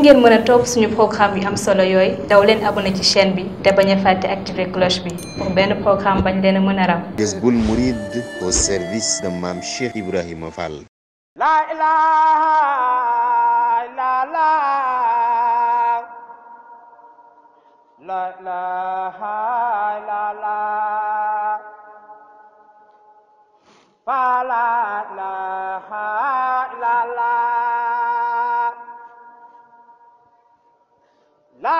ngeen mën a topp suñu programme yu am solo yooyu daw leen abonné ci chaîne bi te bañ a fàtte activer cloche bi benn programme bañ leen a mën a raw. Jazboul Mouride au service de Mame Cheikh Ibrahima Fall.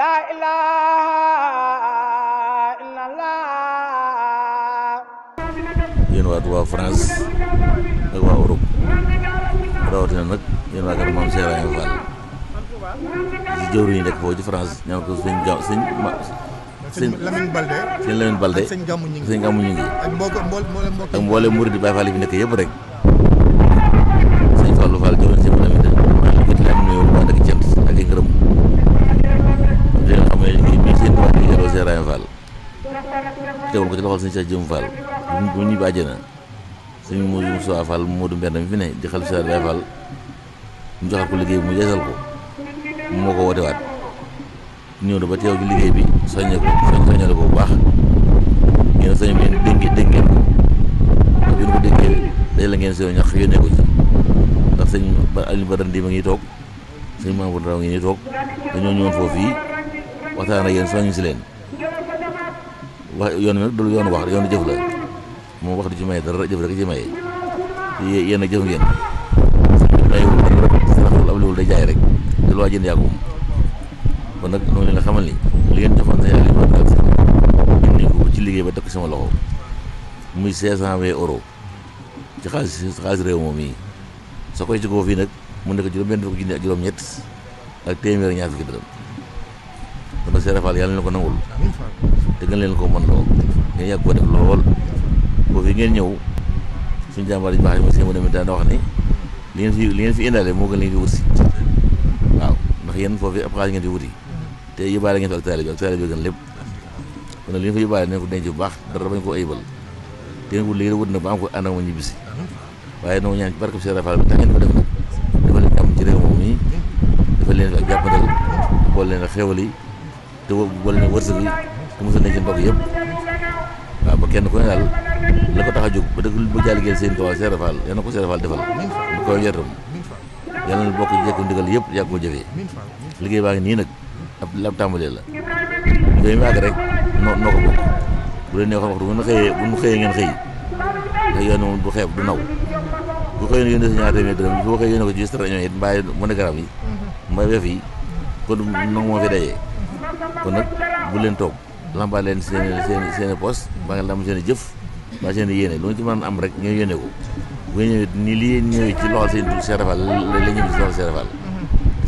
la ilaha illallah yéen waa Touba France ak waa Europe rawatina nag yéen waa kër moom Cheikh Ibrahima Fall si jëwri yi nekk foofu ci France ñaan ko sëñ ga sëñ ma sëñ Lamine Balde sëñ Lamine Balde sëñ Gàmmu ñu ngi sëñ Gàmmu ñu ngi ak mboolem murid Baay Fall fi nekk yëpp rek sëñ Fallou Fall Cheikh Ibrahima Fall teewul ko ci loxol sëñ Cheikh Jëm Fall bu ñibbi àjjana sëñ Modou Moussa Fall Modou Mbène mi fi ne di xalifa Cheikh Ibrahima mu joxal ko liggéey bi mu yeesal ko woote waat ñëw na ba liggéey bi soññee ko soññale ko bu baax ngeen soññ bi ngeen ndax bi ñu ko dénkee la ngeen soo ñax yónnee ko ci ndax sëñ Aliou Badara Ndi ma ngi toog sëñ Mamadou Ndaw ngi toog dañoo ñëwoon foofu yi waxtaan ak yéen soññ si leen wax yoon nag du yoonu wax yoonu jëf la moom wax du ci maye dara jëf rek ci maye yéen a jëf ngeen ayul day jaay rek te lu waa nag noonu nga ni li ko ci liggéey ba takk sama loxo muy cinq cent vingt euros ci xaalis xaalis réew moom yi soo koy ci koo fii nag mu nekk juróom benn fukki junni ak juróom ñett ak téeméer ñaar fukki dërëm te ba Serigne Fall yàlla na ko nangul te gën leen ko mën lool ngeen yàgg ko def lool foofu yi ngeen ñëw suñu jàmbaar yi baax yi monsieur Modou daan ne ni li ngeen fi li ngeen fi indaale moo gën leen di wut si waaw ndax yéen foofu ab xaalis ngeen di wuti te yi ngeen fi ak taalibe ak taalibe gën lépp kon li ñu fa yóbbaale nañ ko denc baax dara bañ ko ayibal te ngeen wut na ba am ko ànd ak ma ñibbisi waaye noo bi tax ko def nag dafa leen jàmm ci réew moom nii dafa leen ak jàppandal boole leen ak yi te wala ne wërsëg yi te mos a nekk seen yépp yëpp waaw ba kenn ko ne daal la ko tax a jóg ba dëgg bu jàlligéey seen tool Cheikh Fall yal na ko Cheikh Fall defal bu ko yottam yal na bokk jekku ko jëfee nag ab ab la nu xëyee bu nu xëyee ngeen xëy ndax yoon moom du xeeb du naw bu xëyee yéen a si ñaar téeméer dërëm bu xëyee yéen a ko ci strañoo it mbaa mu yi mbaa weef yi kon nag moo fi dajee kon nag bu leen toog lambaa leen seen seen seen poste mbaa ngeen lam seen i jëf mbaa seen i yéene lu nga ci mën am rek ngeen yéene ko bu ngeen ñëwee nii lii ñëwee ci loxol seen tur Cheikh Rafal la la ñëw ci loxol Cheikh Rafal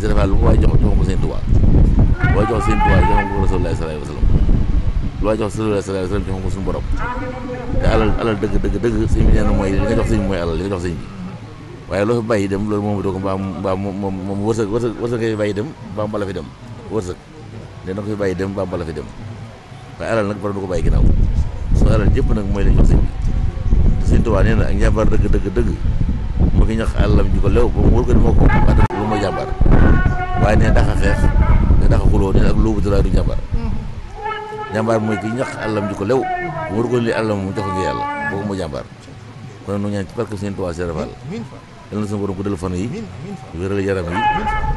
Cheikh Rafal lu ko waay jox jox ko seen tubaab lu waay jox seen tubaab jox ko Rasulullah sallallahu alayhi wa sallam lu waay jox Rasulullah sallallahu alayhi wa sallam jox ko suñu borom te alal alal dëgg dëgg dëgg sëñ bi nee na mooy li nga jox sëñ bi mooy alal li nga jox sëñ bi waaye loo bàyyi dem loolu moom doo ko mbaam mbaam moom moom wërsëg wërsëg wërsëg ngay bàyyi dem mbaam bala fi dem wërsëg dana ko fi bàyyi dem bàmba la fi dem waaye alal nag borom du ko bàyyi ginnaaw soo alal jëpp nag mooy lañ jox sëñ dëgg dëgg moo fi ñax ko lew ba mu wóor ko ne moo ko adda lu mooy jàmbaar waaye mooy ki ñax àllam ju ko lew ba mu wóor mu jox yàlla boobu mooy jàmbaar kon nu ñaan ci barke sëñ Tuubaa Seex fan yi wéral yaram yi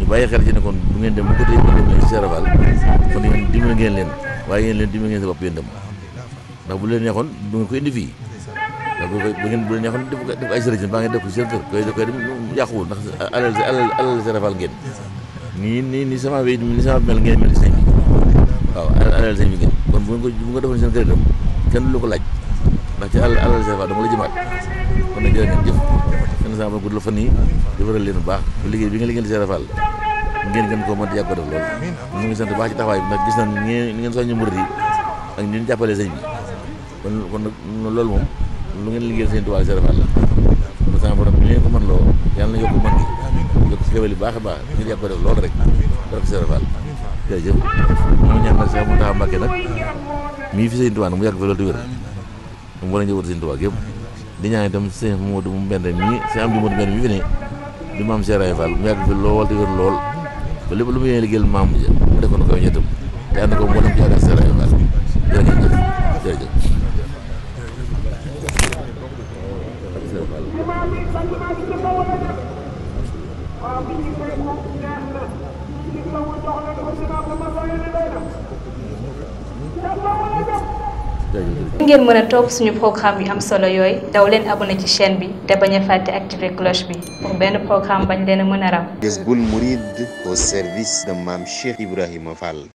ñu bàyyi xel ci ne kon bu ngeen dem bu ko tey demee ci Serafal kon yéen dimbali ngeen leen waaye yéen leen dimbali ngeen sa bopp yéen dem ndax bu leen neexoon du ngeen ko indi fii ndax bu ngeen bu leen neexoon def def ay sërëjën baa ngeen def ko seen kër koy koy dem yàquwul ndax alal alal alal Serafal ngeen nii nii nii sama wéy ni sama mel bi waaw kon bu ko bu ngeen ko defoon seen kër kenn lu ko laaj ndax ci alal Serafal dama la jëmaat kon nag jërë ngeen jëf sama guddal fan yi defaral leen bu baax liggéey bi nga liggéeyal Cheikh Fall ngeen gën ko mën di yàgg ko def loolu ñu ngi sant bu baax ci taxawaay bi gis nañ ngeen ngeen soññu murid ak ñun jàppale sëñ bi kon kon nag loolu moom lu ngeen liggéeyal sëñ Tuubaa Cheikh Fall la sama borom bi leen ko mën loo yàlla na yokk mën gi yokk xéwal yi baax a baax ngeen yàgg ko def loolu rek barke Cheikh Fall jërëjëf moom ñaan nag Cheikh Mountakha Mbacké nag mii fi sëñ Tuubaa nag mu yàgg fi di wér mu war a ñëwat sëñ Tuubaa yëpp di ñaan itam sëñ Modou mu Mbende mii sëñ Amdi Modou Mbende mii fi ne di maam Cheikh Raye Fall mu yàgg fi lool te wér lool ba lépp lu mu yéene liggéeyal maam ja mu defoon ko yow ñettam te ànd ko mboolem ci yaakaar Cheikh Raye ngeen mën a topp suñu programme yu am solo yooy daw leen abonné ci chaîne bi te bañ a fàtte activer cloche bi benn programme bañ leen a mën a ram Jazboul Mouride au service de Mame Cheikh Ibrahima Fall